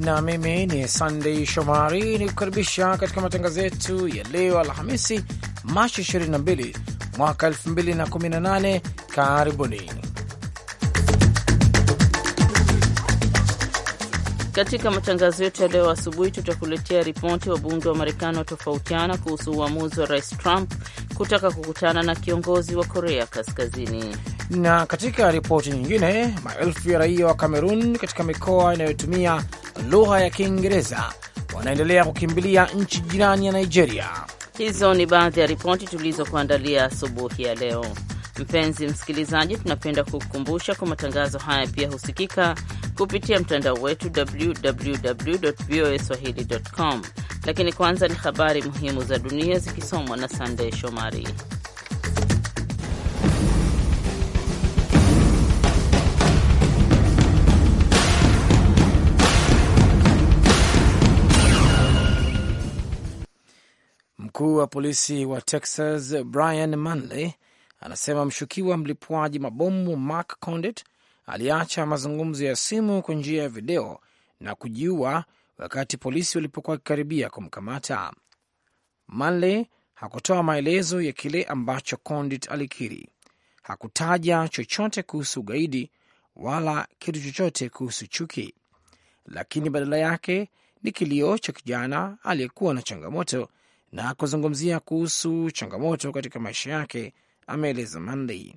na mimi ni sandey Shomari ni kukaribisha katika matangazo yetu ya leo Alhamisi, Machi 22 mwaka 2018. Karibuni katika matangazo yetu ya leo asubuhi. Tutakuletea ripoti, wabunge wa Marekani watofautiana kuhusu uamuzi wa Rais Trump kutaka kukutana na kiongozi wa Korea Kaskazini. Na katika ripoti nyingine, maelfu ya raia wa Kamerun katika mikoa inayotumia lugha ya Kiingereza wanaendelea kukimbilia nchi jirani ya Nigeria. Hizo ni baadhi ya ripoti tulizokuandalia asubuhi ya leo. Mpenzi msikilizaji, tunapenda kukukumbusha kwa matangazo haya pia husikika kupitia mtandao wetu www voa swahili com. Lakini kwanza ni habari muhimu za dunia zikisomwa na Sandey Shomari. Mkuu wa polisi wa Texas Brian Manley anasema mshukiwa mlipuaji mabomu Mark Condit aliacha mazungumzo ya simu kwa njia ya video na kujiua wakati polisi walipokuwa wakikaribia kumkamata. Manley hakutoa maelezo ya kile ambacho Condit alikiri. Hakutaja chochote kuhusu ugaidi wala kitu chochote kuhusu chuki, lakini badala yake ni kilio cha kijana aliyekuwa na changamoto na kuzungumzia kuhusu changamoto katika maisha yake, ameeleza Monday.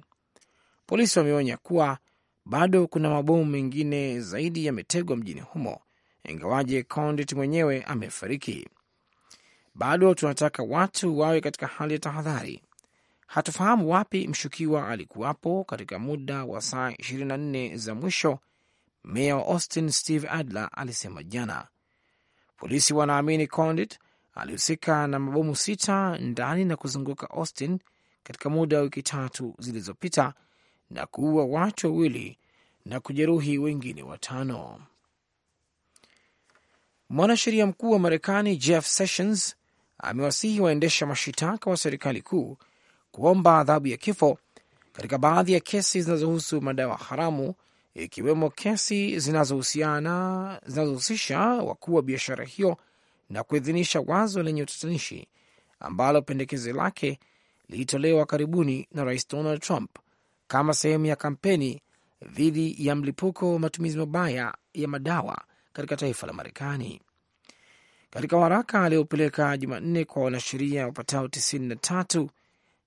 Polisi wameonya kuwa bado kuna mabomu mengine zaidi yametegwa mjini humo, ingawaje Condit mwenyewe amefariki. Bado tunataka watu wawe katika hali ya tahadhari. Hatufahamu wapi mshukiwa alikuwapo katika muda wa saa 24 za mwisho, meya wa Austin Steve Adler alisema jana. Polisi wanaamini Condit alihusika na mabomu sita ndani na kuzunguka Austin katika muda wa wiki tatu zilizopita na kuua watu wawili na kujeruhi wengine watano. Mwanasheria mkuu wa Marekani Jeff Sessions amewasihi waendesha mashitaka wa serikali kuu kuomba adhabu ya kifo katika baadhi ya kesi zinazohusu madawa haramu ikiwemo kesi zinazohusiana zinazohusisha wakuu wa biashara hiyo na kuidhinisha wazo lenye utatanishi ambalo pendekezo lake lilitolewa karibuni na Rais Donald Trump kama sehemu ya kampeni dhidi ya mlipuko wa matumizi mabaya ya madawa katika taifa la Marekani. Katika waraka aliyopeleka Jumanne kwa wanasheria wapatao 93,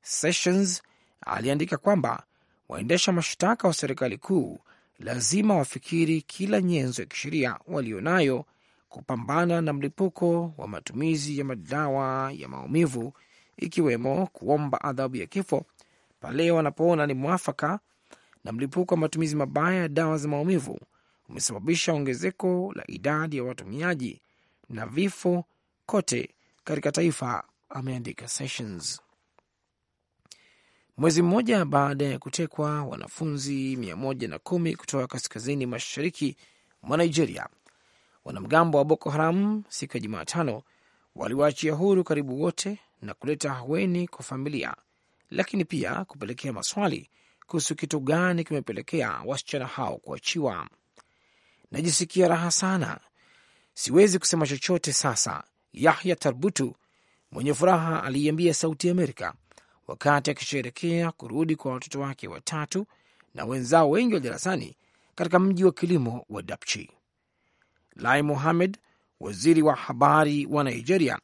Sessions aliandika kwamba waendesha mashtaka wa serikali kuu lazima wafikiri kila nyenzo ya kisheria walionayo kupambana na mlipuko wa matumizi ya madawa ya maumivu, ikiwemo kuomba adhabu ya kifo pale wanapoona ni mwafaka. Na mlipuko wa matumizi mabaya ya dawa za maumivu umesababisha ongezeko la idadi ya watumiaji na vifo kote katika taifa, ameandika Sessions. Mwezi mmoja baada ya kutekwa wanafunzi kumi kutoka kaskazini mashariki mwa Nigeria Wanamgambo wa Boko Haram siku ya Jumatano waliwaachia huru karibu wote na kuleta haweni kwa familia, lakini pia kupelekea maswali kuhusu kitu gani kimepelekea wasichana hao kuachiwa. Najisikia raha sana, siwezi kusema chochote sasa, Yahya Tarbutu mwenye furaha aliiambia Sauti Amerika wakati akisherekea kurudi kwa watoto wake watatu na wenzao wengi wa darasani katika mji wa kilimo wa Dapchi. Lai Mohammed, waziri wa habari wa Nigeria,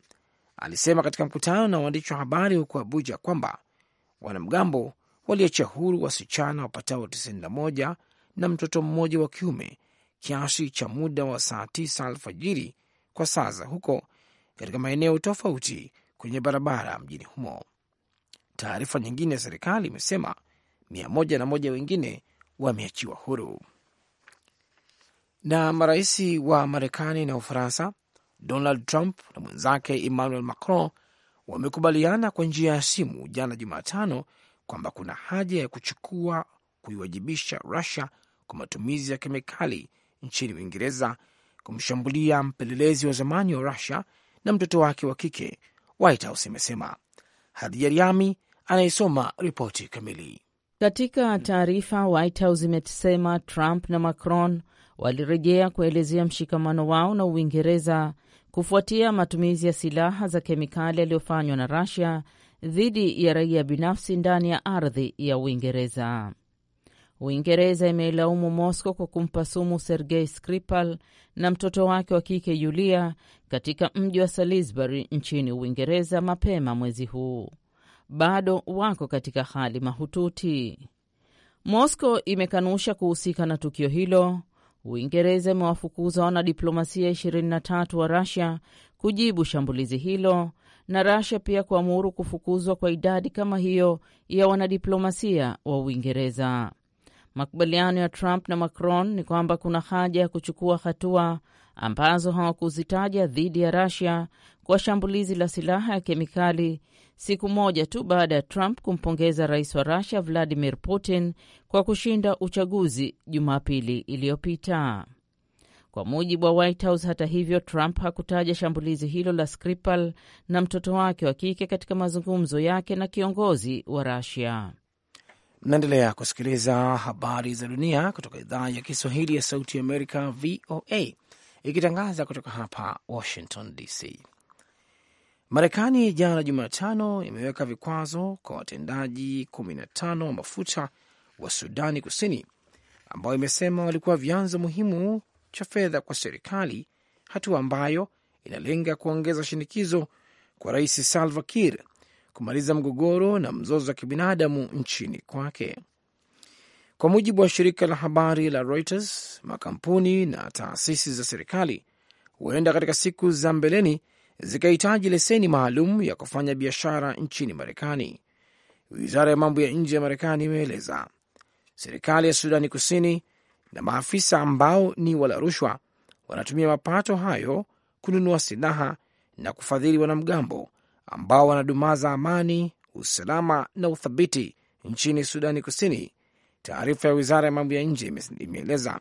alisema katika mkutano na waandishi wa habari huko Abuja kwamba wanamgambo waliachia huru wasichana wapatao 91 na mtoto mmoja wa kiume kiasi cha muda wa saa 9 alfajiri kwa saa za huko katika maeneo tofauti kwenye barabara mjini humo. Taarifa nyingine ya serikali imesema mia moja na moja wengine wameachiwa huru. Na marais wa Marekani na Ufaransa, Donald Trump na mwenzake Emmanuel Macron wamekubaliana kwa njia ya simu jana Jumatano kwamba kuna haja ya kuchukua kuiwajibisha Rusia kwa matumizi ya kemikali nchini Uingereza kumshambulia mpelelezi wa zamani wa Rusia na mtoto wake wa kike. White House imesema. Hadija Riami anayesoma ripoti kamili. Katika taarifa, White House imesema Trump na Macron walirejea kuelezea mshikamano wao na Uingereza kufuatia matumizi ya silaha za kemikali yaliyofanywa na Russia dhidi ya raia binafsi ndani ya ardhi ya Uingereza. Uingereza imeilaumu Mosco kwa kumpa sumu Sergei Skripal na mtoto wake wa kike Yulia katika mji wa Salisbury nchini Uingereza mapema mwezi huu. Bado wako katika hali mahututi. Mosco imekanusha kuhusika na tukio hilo Uingereza imewafukuza wanadiplomasia 23 wa Rasia kujibu shambulizi hilo na Rasia pia kuamuru kufukuzwa kwa idadi kama hiyo ya wanadiplomasia wa Uingereza. Makubaliano ya Trump na Macron ni kwamba kuna haja ya kuchukua hatua ambazo hawakuzitaja dhidi ya Rasia kwa shambulizi la silaha ya kemikali siku moja tu baada ya Trump kumpongeza rais wa Rusia Vladimir Putin kwa kushinda uchaguzi Jumapili iliyopita. Kwa mujibu wa White House, hata hivyo, Trump hakutaja shambulizi hilo la Skripal na mtoto wake wa kike katika mazungumzo yake na kiongozi wa Rusia. Mnaendelea kusikiliza habari za dunia kutoka idhaa ya Kiswahili ya Sauti ya Amerika, VOA, ikitangaza kutoka hapa Washington DC. Marekani jana Jumatano imeweka vikwazo kwa watendaji kumi na tano wa mafuta wa Sudani Kusini ambao imesema walikuwa vyanzo muhimu cha fedha kwa serikali, hatua ambayo inalenga kuongeza shinikizo kwa Rais Salva Kiir kumaliza mgogoro na mzozo wa kibinadamu nchini kwake. Kwa mujibu wa shirika la habari la Reuters, makampuni na taasisi za serikali huenda katika siku za mbeleni zikahitaji leseni maalum ya kufanya biashara nchini Marekani. Wizara ya mambo ya nje ya Marekani imeeleza serikali ya Sudani Kusini na maafisa ambao ni wala rushwa wanatumia mapato hayo kununua silaha na kufadhili wanamgambo ambao wanadumaza amani, usalama na uthabiti nchini Sudani Kusini. Taarifa ya wizara ya mambo ya nje imeeleza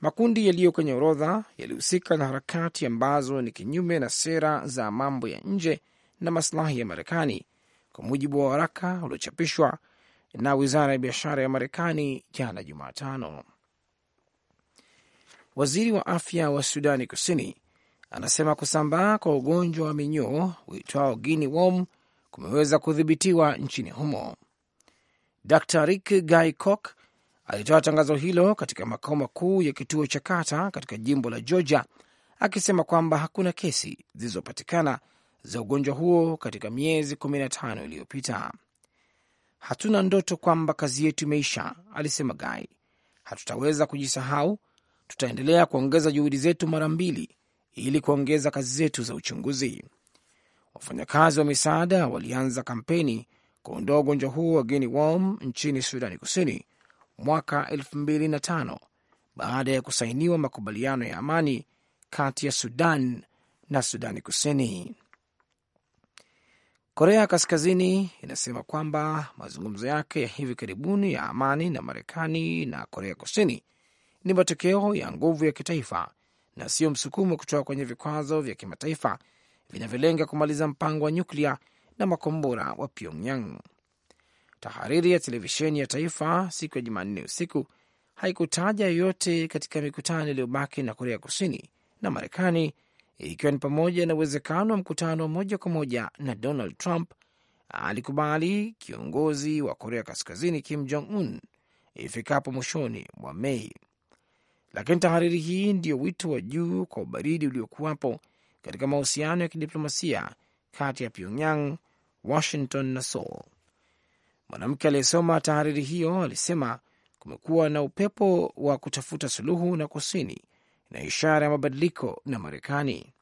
Makundi yaliyo kwenye orodha yalihusika na harakati ambazo ni kinyume na sera za mambo ya nje na masilahi ya Marekani, kwa mujibu wa waraka uliochapishwa na wizara ya biashara ya Marekani jana Jumatano. Waziri wa afya wa Sudani Kusini anasema kusambaa kwa ugonjwa wa minyoo uitwao guinea worm kumeweza kudhibitiwa nchini humo. Dr Rick Guy Cook Alitoa tangazo hilo katika makao makuu ya kituo cha kata katika jimbo la Georgia, akisema kwamba hakuna kesi zilizopatikana za ugonjwa huo katika miezi 15 iliyopita. Hatuna ndoto kwamba kazi yetu imeisha, alisema Gai. Hatutaweza kujisahau, tutaendelea kuongeza juhudi zetu mara mbili ili kuongeza kazi zetu za uchunguzi. Wafanyakazi wa misaada walianza kampeni kuondoa ugonjwa huo wa guinea worm nchini Sudani Kusini mwaka 2005 baada ya kusainiwa makubaliano ya amani kati ya Sudan na Sudani Kusini. Korea Kaskazini inasema kwamba mazungumzo yake ya hivi karibuni ya amani na Marekani na Korea Kusini ni matokeo ya nguvu ya kitaifa na sio msukumo kutoka kwenye vikwazo vya kimataifa vinavyolenga kumaliza mpango wa nyuklia na makombora wa Pyongyang. Tahariri ya televisheni ya taifa siku ya Jumanne usiku haikutaja yoyote katika mikutano iliyobaki na Korea Kusini na Marekani, ikiwa ni pamoja na uwezekano wa mkutano wa moja kwa moja na Donald Trump alikubali kiongozi wa Korea Kaskazini Kim Jong Un ifikapo mwishoni mwa Mei. Lakini tahariri hii ndiyo wito wa juu kwa ubaridi uliokuwapo katika mahusiano ya kidiplomasia kati ya Pyongyang, Washington na Seoul. Mwanamke aliyesoma tahariri hiyo alisema kumekuwa na upepo wa kutafuta suluhu na kusini na ishara ya mabadiliko na Marekani.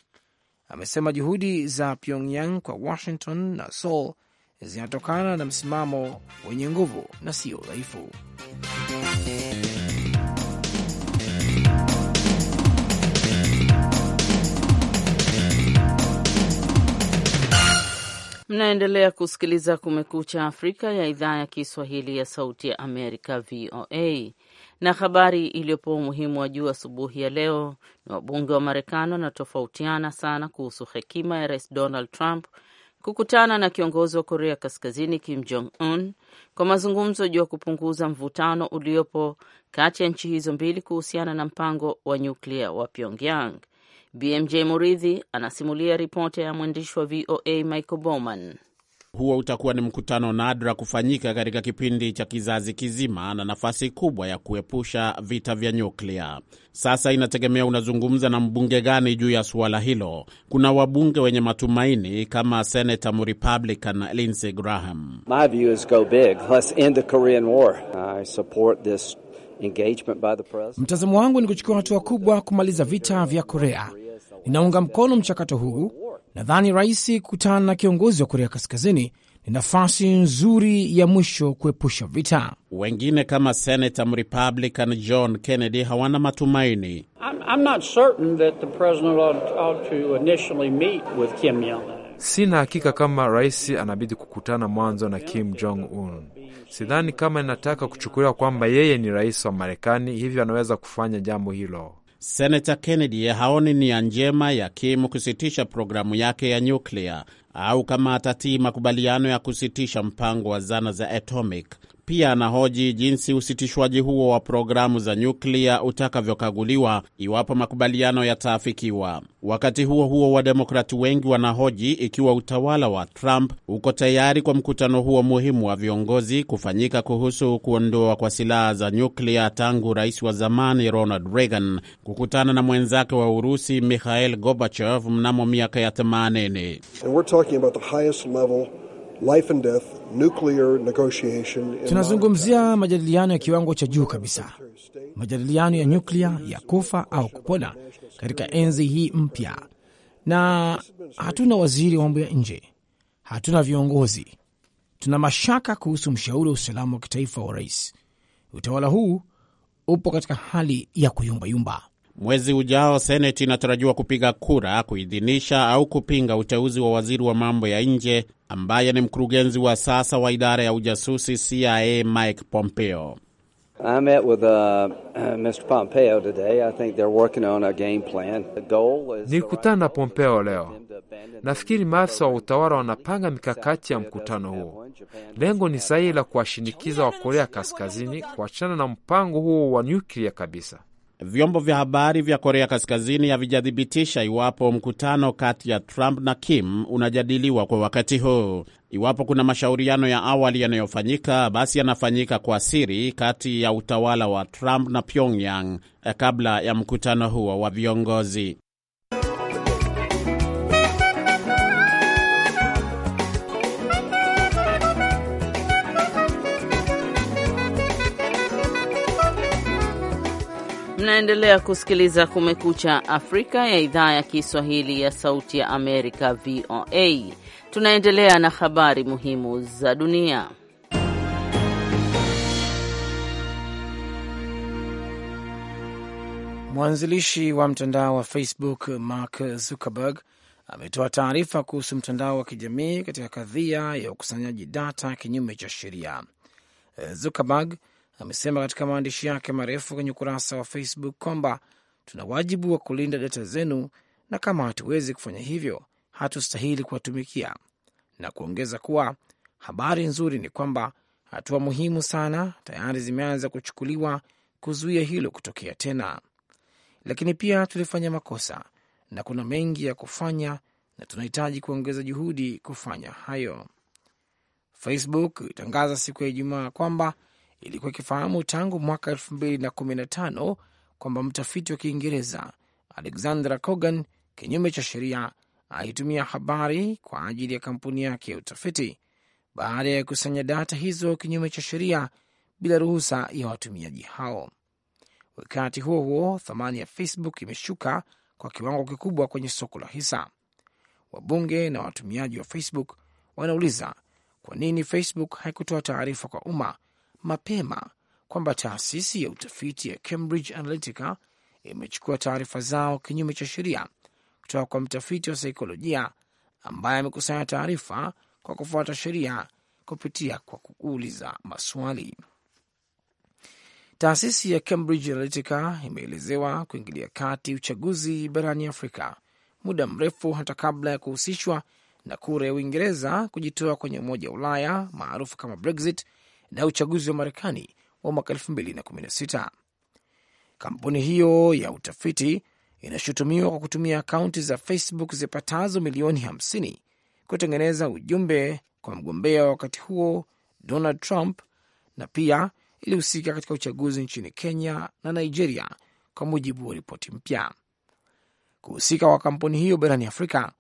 Amesema juhudi za Pyongyang kwa Washington na Seoul zinatokana na msimamo wenye nguvu na sio dhaifu. Mnaendelea kusikiliza Kumekucha Afrika ya idhaa ya Kiswahili ya Sauti ya Amerika, VOA. Na habari iliyopo umuhimu wa juu asubuhi ya leo ni wabunge wa Marekani wanatofautiana sana kuhusu hekima ya Rais Donald Trump kukutana na kiongozi wa Korea Kaskazini Kim Jong Un kwa mazungumzo juu ya kupunguza mvutano uliopo kati ya nchi hizo mbili kuhusiana na mpango wa nyuklia wa Pyongyang. BMJ Muridhi anasimulia ripoti ya mwandishi wa VOA Michael Bowman. Huo utakuwa ni mkutano nadra kufanyika katika kipindi cha kizazi kizima na nafasi kubwa ya kuepusha vita vya nyuklia. Sasa inategemea unazungumza na mbunge gani juu ya suala hilo. Kuna wabunge wenye matumaini kama senata Mrepublican Lindsey Graham. My go big. Let's end the Korean War. I support this engagement by the president. Mtazamo wangu ni kuchukua hatua kubwa kumaliza vita vya Korea. Ninaunga mkono mchakato huu. Nadhani rais kukutana na kiongozi wa Korea Kaskazini ni nafasi nzuri ya mwisho kuepusha vita. Wengine kama senata Mrepublican John Kennedy hawana matumaini. Sina hakika kama rais anabidi kukutana mwanzo na Kim Jong Un. Sidhani kama inataka kuchukuliwa kwamba yeye ni rais wa Marekani, hivyo anaweza kufanya jambo hilo. Senata Kennedy haoni nia njema ya Kim kusitisha programu yake ya nyuklia au kama atatii makubaliano ya kusitisha mpango wa zana za atomic pia anahoji jinsi usitishwaji huo wa programu za nyuklia utakavyokaguliwa iwapo makubaliano yataafikiwa. Wakati huo huo, wademokrati wengi wanahoji ikiwa utawala wa Trump uko tayari kwa mkutano huo muhimu wa viongozi kufanyika kuhusu kuondoa kwa silaha za nyuklia tangu rais wa zamani Ronald Reagan kukutana na mwenzake wa Urusi Mikhail Gorbachev mnamo miaka ya 80 life and death nuclear negotiation. Tunazungumzia majadiliano ya kiwango cha juu kabisa, majadiliano ya nyuklia ya kufa au kupona katika enzi hii mpya, na hatuna waziri wa mambo ya nje, hatuna viongozi. Tuna mashaka kuhusu mshauri wa usalama wa kitaifa wa rais. Utawala huu upo katika hali ya kuyumbayumba. Mwezi ujao Seneti inatarajiwa kupiga kura kuidhinisha au kupinga uteuzi wa waziri wa mambo ya nje ambaye ni mkurugenzi wa sasa wa idara ya ujasusi CIA Mike Pompeo. Uh, Nilikutana na Pompeo leo. Nafikiri maafisa wa utawala wanapanga mikakati ya mkutano huo. Lengo ni sahihi la kuwashinikiza wa Korea Kaskazini kuachana na mpango huo wa nyuklia kabisa. Vyombo vya habari vya Korea Kaskazini havijathibitisha iwapo mkutano kati ya Trump na Kim unajadiliwa kwa wakati huu. Iwapo kuna mashauriano ya awali yanayofanyika, basi yanafanyika kwa siri kati ya utawala wa Trump na Pyongyang eh, kabla ya mkutano huo wa viongozi. Mnaendelea kusikiliza Kumekucha Afrika ya idhaa ya Kiswahili ya Sauti ya Amerika, VOA. Tunaendelea na habari muhimu za dunia. Mwanzilishi wa mtandao wa Facebook Mark Zuckerberg ametoa taarifa kuhusu mtandao wa kijamii katika kadhia ya ukusanyaji data kinyume cha sheria. Zuckerberg amesema katika maandishi yake marefu kwenye ukurasa wa Facebook kwamba tuna wajibu wa kulinda data zenu, na kama hatuwezi kufanya hivyo, hatustahili kuwatumikia, na kuongeza kuwa habari nzuri ni kwamba hatua muhimu sana tayari zimeanza kuchukuliwa kuzuia hilo kutokea tena, lakini pia tulifanya makosa na kuna mengi ya kufanya na tunahitaji kuongeza juhudi kufanya hayo. Facebook itangaza siku ya Ijumaa kwamba ilikuwa ikifahamu tangu mwaka 2015 kwamba mtafiti wa Kiingereza Alexandra Cogan kinyume cha sheria alitumia habari kwa ajili ya kampuni yake ya utafiti baada ya kukusanya data hizo kinyume cha sheria bila ruhusa ya watumiaji hao. Wakati huo huo, thamani ya Facebook imeshuka kwa kiwango kikubwa kwenye soko la hisa. Wabunge na watumiaji wa Facebook wanauliza kwa nini Facebook haikutoa taarifa kwa umma mapema kwamba taasisi ya utafiti ya Cambridge Analytica imechukua taarifa zao kinyume cha sheria kutoka kwa mtafiti wa saikolojia ambaye amekusanya taarifa kwa kufuata sheria kupitia kwa kuuliza maswali. Taasisi ya Cambridge Analytica imeelezewa kuingilia kati uchaguzi barani Afrika muda mrefu hata kabla ya kuhusishwa na kura ya Uingereza kujitoa kwenye Umoja wa Ulaya maarufu kama Brexit na uchaguzi wa Marekani wa mwaka 2016. Kampuni hiyo ya utafiti inashutumiwa kwa kutumia akaunti za Facebook zipatazo milioni 50 kutengeneza ujumbe kwa mgombea wa wakati huo Donald Trump, na pia ilihusika katika uchaguzi nchini Kenya na Nigeria, kwa mujibu wa ripoti mpya. Kuhusika kwa kampuni hiyo barani Afrika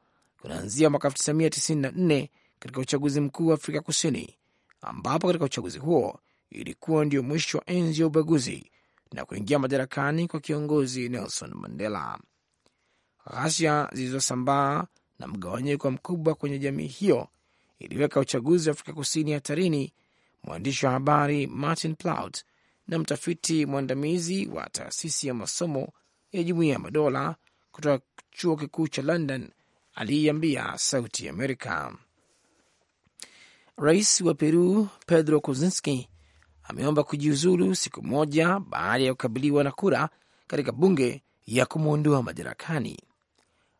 kunaanzia mwaka 1994 katika uchaguzi mkuu wa Afrika Kusini ambapo katika uchaguzi huo ilikuwa ndio mwisho wa enzi ya ubaguzi na kuingia madarakani kwa kiongozi Nelson Mandela. Ghasia zilizosambaa na mgawanyiko mkubwa kwenye jamii hiyo iliweka uchaguzi wa Afrika Kusini hatarini. Mwandishi wa habari Martin Plaut na mtafiti mwandamizi wa taasisi ya masomo ya Jumuiya ya Madola kutoka chuo kikuu cha London aliiambia Sauti Amerika. Rais wa Peru Pedro Kuczynski ameomba kujiuzulu siku moja baada ya kukabiliwa na kura katika bunge ya kumwondoa madarakani.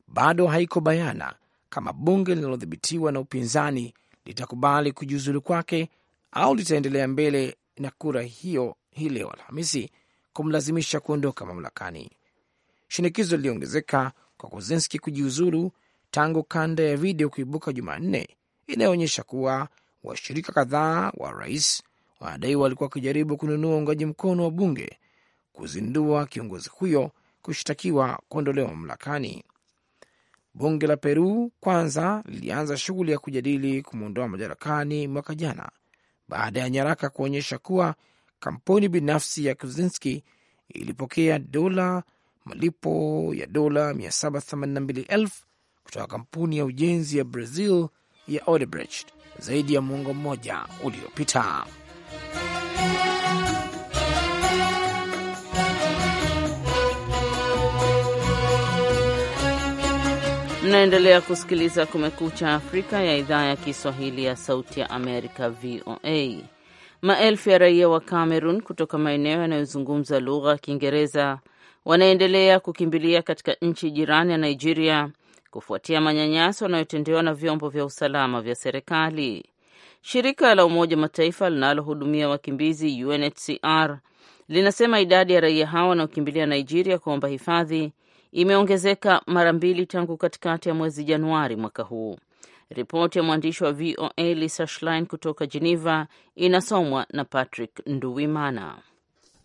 Bado haiko bayana kama bunge linalodhibitiwa na upinzani litakubali kujiuzulu kwake au litaendelea mbele na kura hiyo hii leo Alhamisi kumlazimisha kuondoka mamlakani. Shinikizo liliongezeka kwa Kuzinski kujiuzulu tangu kanda ya video kuibuka Jumanne inayoonyesha kuwa washirika kadhaa wa rais wanadai walikuwa wakijaribu kununua uungaji mkono wa bunge kuzindua kiongozi huyo kushtakiwa kuondolewa mamlakani. Bunge la Peru kwanza lilianza shughuli ya kujadili kumwondoa madarakani mwaka jana baada ya nyaraka kuonyesha kuwa kampuni binafsi ya Kuzinski ilipokea dola malipo ya dola 782,000 kutoka kampuni ya ujenzi ya Brazil ya Odebrecht zaidi ya muongo mmoja uliopita. Mnaendelea kusikiliza Kumekucha Afrika ya idhaa ya Kiswahili ya Sauti ya Amerika, VOA. Maelfu ya raia wa Cameroon kutoka maeneo yanayozungumza lugha ya Kiingereza wanaendelea kukimbilia katika nchi jirani ya Nigeria kufuatia manyanyaso yanayotendewa na vyombo vya usalama vya serikali. Shirika la Umoja Mataifa linalohudumia wakimbizi UNHCR linasema idadi ya raia hao wanaokimbilia Nigeria kuomba hifadhi imeongezeka mara mbili tangu katikati ya mwezi Januari mwaka huu. Ripoti ya mwandishi wa VOA Lisa Schlein kutoka Geneva inasomwa na Patrick Nduwimana.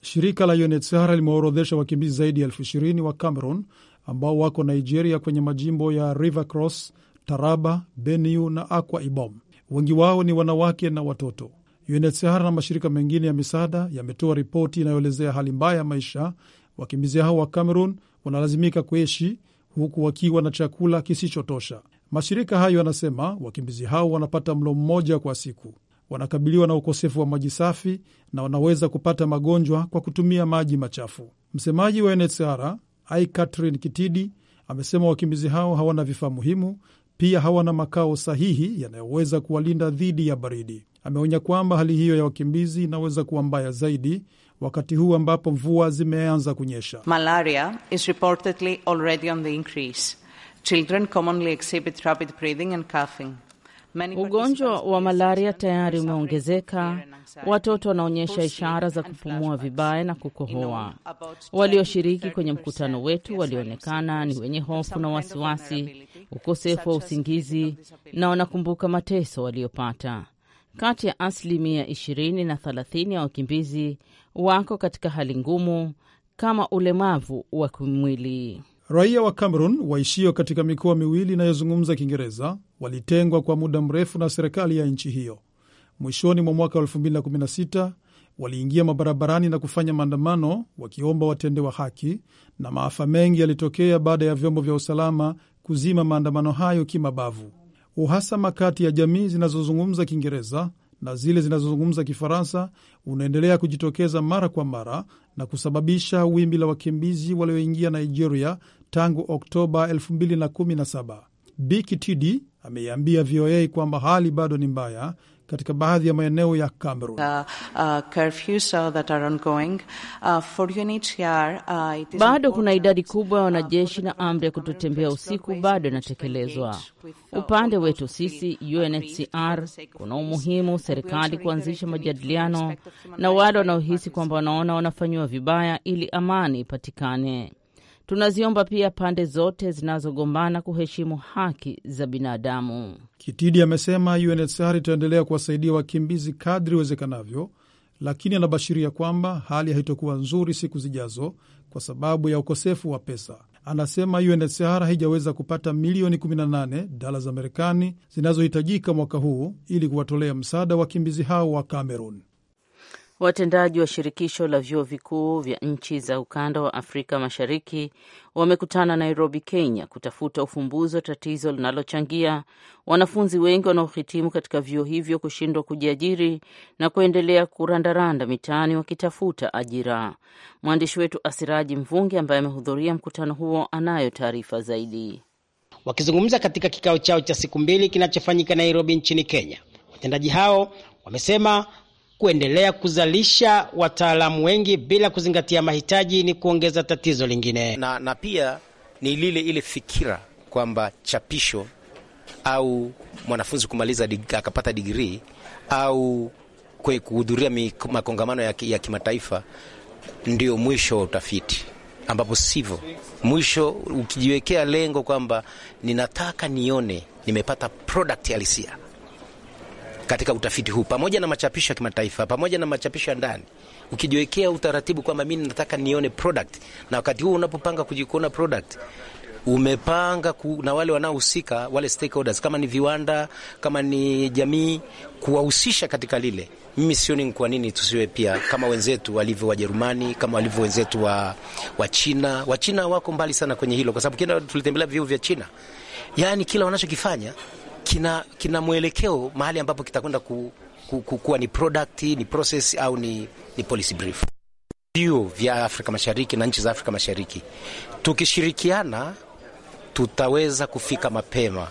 Shirika la UNHCR limewaorodhesha wakimbizi zaidi ya elfu ishirini wa Cameroon ambao wako Nigeria kwenye majimbo ya River Cross, Taraba, Benue na Akwa Ibom. Wengi wao ni wanawake na watoto. UNHCR na mashirika mengine ya misaada yametoa ripoti inayoelezea hali mbaya ya maisha wakimbizi hao wa Cameroon wanalazimika kuishi huku wakiwa na chakula kisichotosha. Mashirika hayo yanasema wakimbizi hao wanapata mlo mmoja kwa siku, wanakabiliwa na ukosefu wa maji safi na wanaweza kupata magonjwa kwa kutumia maji machafu. Msemaji wa UNHCR Ai Katrin Kitidi amesema wakimbizi hao hawana vifaa muhimu, pia hawana makao sahihi yanayoweza kuwalinda dhidi ya baridi. Ameonya kwamba hali hiyo ya wakimbizi inaweza kuwa mbaya zaidi wakati huu ambapo mvua zimeanza kunyesha. Malaria is reportedly already on the increase. Children commonly exhibit rapid breathing and coughing. Ugonjwa wa malaria tayari umeongezeka. Watoto wanaonyesha ishara za kupumua vibaya na kukohoa. Walioshiriki kwenye mkutano wetu walionekana ni wenye hofu na wasiwasi, ukosefu wa usingizi, na wanakumbuka mateso waliyopata. Kati ya asilimia 20 na 30 ya wakimbizi wako katika hali ngumu kama ulemavu wa kimwili. Raia wa Cameroon waishio katika mikoa miwili inayozungumza Kiingereza walitengwa kwa muda mrefu na serikali ya nchi hiyo. Mwishoni mwa mwaka 2016 waliingia mabarabarani na kufanya maandamano wakiomba watendewa haki, na maafa mengi yalitokea baada ya vyombo vya usalama kuzima maandamano hayo kimabavu. Uhasama kati ya jamii zinazozungumza Kiingereza na zile zinazozungumza Kifaransa unaendelea kujitokeza mara kwa mara na kusababisha wimbi la wakimbizi walioingia Nigeria tangu Oktoba 2017. Bi ameiambia VOA kwamba hali bado ni mbaya katika baadhi ya maeneo ya Cameroon. Bado kuna idadi kubwa ya uh, wanajeshi na amri ya kutotembea usiku bado inatekelezwa. Uh, Upande wetu sisi UNHCR, kuna umuhimu serikali kuanzisha majadiliano na wale wanaohisi kwamba wanaona wanafanyiwa vibaya, ili amani ipatikane. Tunaziomba pia pande zote zinazogombana kuheshimu haki za binadamu. Kitidi amesema UNHCR itaendelea kuwasaidia wakimbizi kadri iwezekanavyo, lakini anabashiria kwamba hali haitokuwa nzuri siku zijazo kwa sababu ya ukosefu wa pesa. Anasema UNHCR haijaweza kupata milioni 18 dala za Marekani zinazohitajika mwaka huu ili kuwatolea msaada wakimbizi hao wa cameroon Watendaji wa shirikisho la vyuo vikuu vya nchi za ukanda wa Afrika Mashariki wamekutana Nairobi, Kenya, kutafuta ufumbuzi wa tatizo linalochangia wanafunzi wengi wanaohitimu katika vyuo hivyo kushindwa kujiajiri na kuendelea kurandaranda mitaani wakitafuta ajira. Mwandishi wetu Asiraji Mvungi, ambaye amehudhuria mkutano huo, anayo taarifa zaidi. Wakizungumza katika kikao chao cha siku mbili kinachofanyika Nairobi nchini Kenya, watendaji hao wamesema kuendelea kuzalisha wataalamu wengi bila kuzingatia mahitaji ni kuongeza tatizo lingine. Na, na pia ni lile ile fikira kwamba chapisho au mwanafunzi kumaliza dig, akapata digrii au kuhudhuria makongamano ya, ya kimataifa ndio mwisho wa utafiti, ambapo sivyo. Mwisho ukijiwekea lengo kwamba ninataka nione nimepata product halisia katika utafiti huu, pamoja na machapisho ya kimataifa, pamoja na machapisho ya ndani, ukijiwekea utaratibu kwamba mimi nataka nione product, na wakati huo unapopanga kujikuona product umepanga ku, na wale wanaohusika wale stakeholders, kama ni viwanda, kama ni jamii, kuwahusisha katika lile. Mimi sioni kwa nini tusiwe pia kama wenzetu walivyo Wajerumani, kama walivyo wenzetu wa, wa China. Wachina wako mbali sana kwenye hilo, kwa sababu kila tulitembelea vyuo vya China, yani kila wanachokifanya kina, kina mwelekeo mahali ambapo kitakwenda ku, ku, ku, kuwa ni product, ni process au ni, ni policy brief. Vio vya Afrika Mashariki na nchi za Afrika Mashariki tukishirikiana, tutaweza kufika mapema.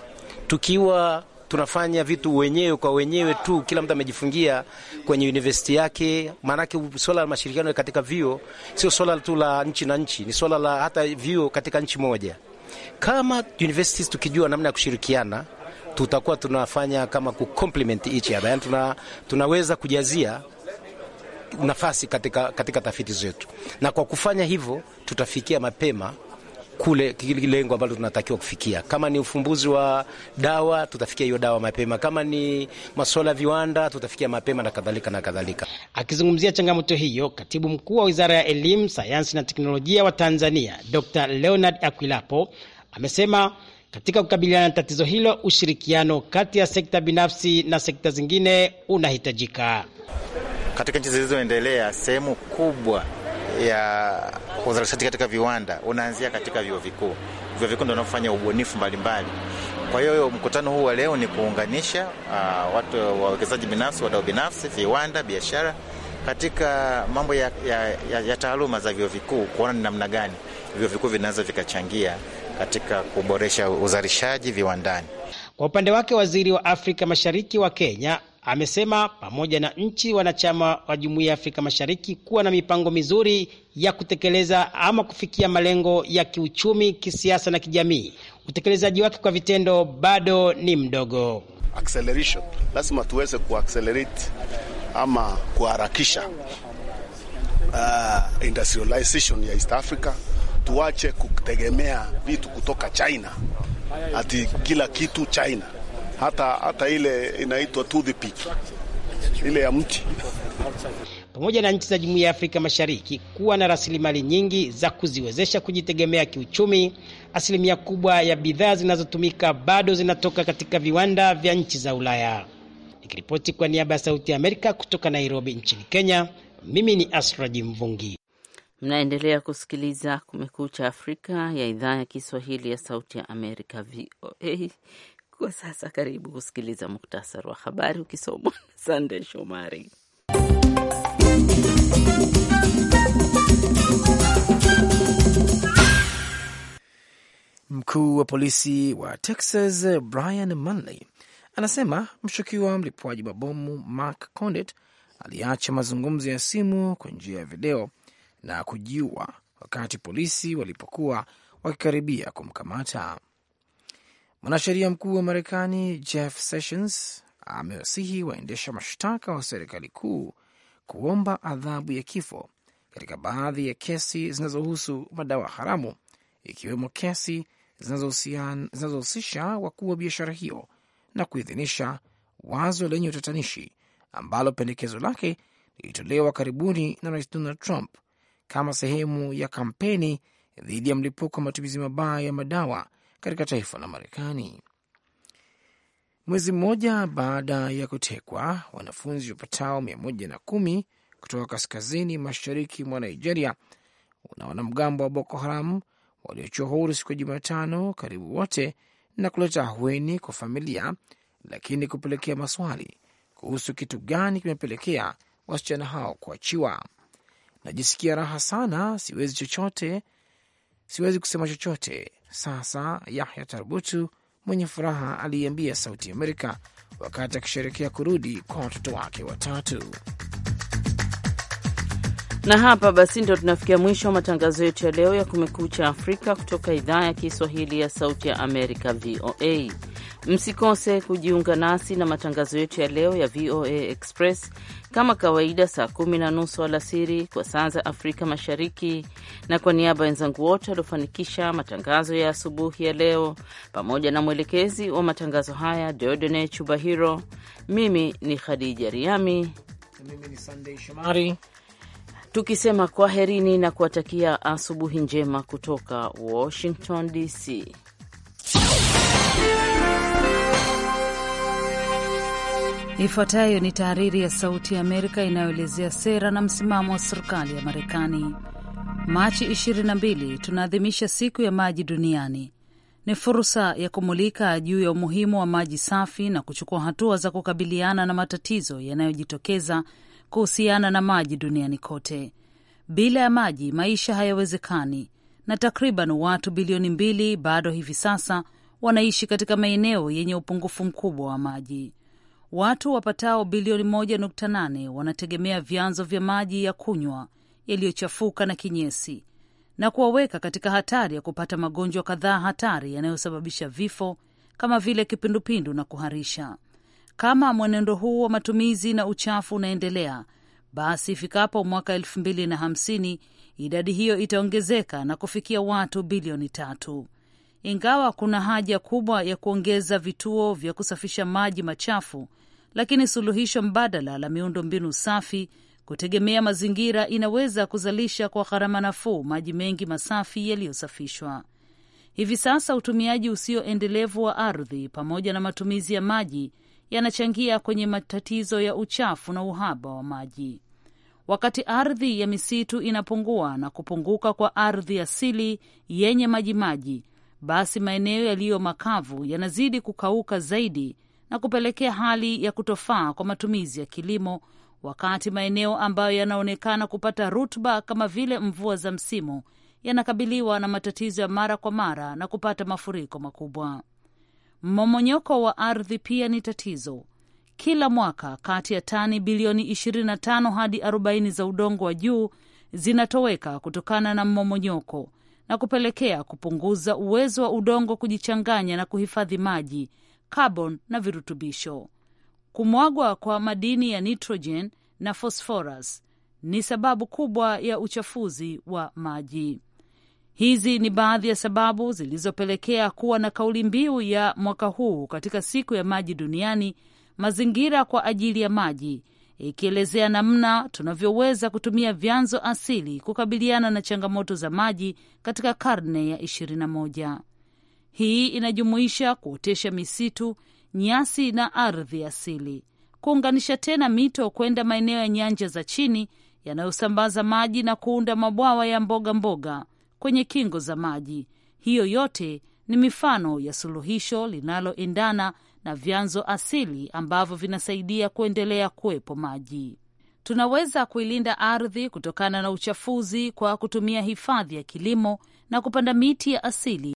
Tukiwa tunafanya vitu wenyewe kwa wenyewe tu, kila mtu amejifungia kwenye university yake. Maanake swala la mashirikiano katika vio sio swala tu la nchi na nchi, ni swala la hata vio katika nchi moja. Kama universities tukijua namna ya kushirikiana tutakuwa tunafanya kama ku complement each other, yani tuna, tunaweza kujazia nafasi katika, katika tafiti zetu, na kwa kufanya hivyo tutafikia mapema kule lengo ambalo tunatakiwa kufikia. Kama ni ufumbuzi wa dawa, tutafikia hiyo dawa mapema. Kama ni masuala ya viwanda, tutafikia mapema na kadhalika na kadhalika. Akizungumzia changamoto hiyo, katibu mkuu wa Wizara ya Elimu, Sayansi na Teknolojia wa Tanzania Dr. Leonard Akwilapo amesema katika kukabiliana na tatizo hilo, ushirikiano kati ya sekta binafsi na sekta zingine unahitajika. Katika nchi zilizoendelea, sehemu kubwa ya uzalishaji katika viwanda unaanzia katika vyuo vikuu. Vyuo vikuu ndio wanaofanya ubunifu mbalimbali. Kwa hiyo mkutano huu wa leo ni kuunganisha uh, watu wawekezaji binafsi, wadau binafsi, viwanda, biashara katika mambo ya, ya, ya, ya taaluma za vyuo vikuu, kuona ni namna gani vyuo vikuu vinaweza vikachangia katika kuboresha uzalishaji viwandani. Kwa upande wake, waziri wa Afrika Mashariki wa Kenya amesema pamoja na nchi wanachama wa Jumuiya ya Afrika Mashariki kuwa na mipango mizuri ya kutekeleza ama kufikia malengo ya kiuchumi, kisiasa na kijamii, utekelezaji wake kwa vitendo bado ni mdogo. Acceleration, lazima tuweze kuaccelerate ama kuharakisha uh, industrialization ya East Africa tuache kutegemea vitu kutoka China, ati kila kitu China, hata hata ile inaitwa toothpick ile ya mti pamoja na nchi za Jumuiya ya Afrika Mashariki kuwa na rasilimali nyingi za kuziwezesha kujitegemea kiuchumi, asilimia kubwa ya bidhaa zinazotumika bado zinatoka katika viwanda vya nchi za Ulaya. Nikiripoti kwa niaba ya Sauti ya Amerika kutoka Nairobi nchini Kenya, mimi ni Asraji Mvungi. Mnaendelea kusikiliza Kumekucha Afrika ya idhaa ya Kiswahili ya Sauti ya Amerika, VOA. Kwa sasa, karibu kusikiliza muktasari wa habari ukisomwa na Sande Shomari. Mkuu wa polisi wa Texas Brian Manley anasema mshukiwa mlipuaji mabomu Mark Condit aliacha mazungumzo ya simu kwa njia ya video na kujiua wakati polisi walipokuwa wakikaribia kumkamata. Mwanasheria mkuu wa Marekani Jeff Sessions amewasihi waendesha mashtaka wa serikali kuu kuomba adhabu ya kifo katika baadhi ya kesi zinazohusu madawa haramu, ikiwemo kesi zinazohusisha wakuu wa biashara hiyo na kuidhinisha wazo lenye utatanishi ambalo pendekezo lake lilitolewa karibuni na Rais Donald Trump kama sehemu ya kampeni dhidi ya mlipuko wa matumizi mabaya ya madawa katika taifa la Marekani. Mwezi mmoja baada ya kutekwa, wanafunzi wapatao mia moja na kumi kutoka kaskazini mashariki mwa Nigeria na wanamgambo wa Boko Haram waliochua huru siku ya Jumatano karibu wote na kuleta ahueni kwa familia, lakini kupelekea maswali kuhusu kitu gani kimepelekea wasichana hao kuachiwa najisikia raha sana, siwezi chochote, siwezi kusema chochote. Sasa Yahya Tarbutu mwenye furaha aliiambia Sauti Amerika wakati akisherekea kurudi kwa watoto wake watatu. Na hapa basi ndo tunafikia mwisho wa matangazo yetu ya leo ya Kumekucha Afrika kutoka idhaa ya Kiswahili ya Sauti ya Amerika, VOA. Msikose kujiunga nasi na matangazo yetu ya leo ya VOA Express kama kawaida, saa kumi na nusu alasiri kwa saa za Afrika Mashariki. Na kwa niaba ya wenzangu wote waliofanikisha matangazo ya asubuhi ya leo, pamoja na mwelekezi wa matangazo haya Deodone Chubahiro, mimi ni Khadija Riami, mimi ni Shomari, tukisema kwaherini na kuwatakia asubuhi njema kutoka Washington DC. Ifuatayo ni tahariri ya Sauti ya Amerika inayoelezea sera na msimamo wa serikali ya Marekani. Machi 22 tunaadhimisha siku ya maji duniani. Ni fursa ya kumulika juu ya umuhimu wa maji safi na kuchukua hatua za kukabiliana na matatizo yanayojitokeza kuhusiana na maji duniani kote. Bila ya maji maisha hayawezekani, na takriban watu bilioni mbili bado hivi sasa wanaishi katika maeneo yenye upungufu mkubwa wa maji. Watu wapatao bilioni 1.8 wanategemea vyanzo vya maji ya kunywa yaliyochafuka na kinyesi na kuwaweka katika hatari ya kupata magonjwa kadhaa hatari yanayosababisha vifo kama vile kipindupindu na kuharisha. Kama mwenendo huu wa matumizi na uchafu unaendelea, basi ifikapo mwaka elfu mbili na hamsini idadi hiyo itaongezeka na kufikia watu bilioni tatu. Ingawa kuna haja kubwa ya kuongeza vituo vya kusafisha maji machafu lakini suluhisho mbadala la miundo mbinu safi kutegemea mazingira inaweza kuzalisha kwa gharama nafuu maji mengi masafi yaliyosafishwa. Hivi sasa utumiaji usioendelevu wa ardhi pamoja na matumizi ya maji yanachangia kwenye matatizo ya uchafu na uhaba wa maji. Wakati ardhi ya misitu inapungua na kupunguka kwa ardhi asili yenye majimaji, basi maeneo yaliyo makavu yanazidi kukauka zaidi na kupelekea hali ya kutofaa kwa matumizi ya kilimo, wakati maeneo ambayo yanaonekana kupata rutuba kama vile mvua za msimu yanakabiliwa na matatizo ya mara kwa mara na kupata mafuriko makubwa. Mmomonyoko wa ardhi pia ni tatizo. Kila mwaka kati ya tani bilioni 25 hadi 40 za udongo wa juu zinatoweka kutokana na mmomonyoko na kupelekea kupunguza uwezo wa udongo kujichanganya na kuhifadhi maji carbon na virutubisho. Kumwagwa kwa madini ya nitrogen na phosphorus ni sababu kubwa ya uchafuzi wa maji. Hizi ni baadhi ya sababu zilizopelekea kuwa na kauli mbiu ya mwaka huu katika siku ya maji duniani, mazingira kwa ajili ya maji, ikielezea namna tunavyoweza kutumia vyanzo asili kukabiliana na changamoto za maji katika karne ya moja. Hii inajumuisha kuotesha misitu, nyasi na ardhi asili, kuunganisha tena mito kwenda maeneo ya nyanja za chini yanayosambaza maji na kuunda mabwawa ya mboga mboga kwenye kingo za maji. Hiyo yote ni mifano ya suluhisho linaloendana na vyanzo asili ambavyo vinasaidia kuendelea kuwepo maji. Tunaweza kuilinda ardhi kutokana na uchafuzi kwa kutumia hifadhi ya kilimo na kupanda miti ya asili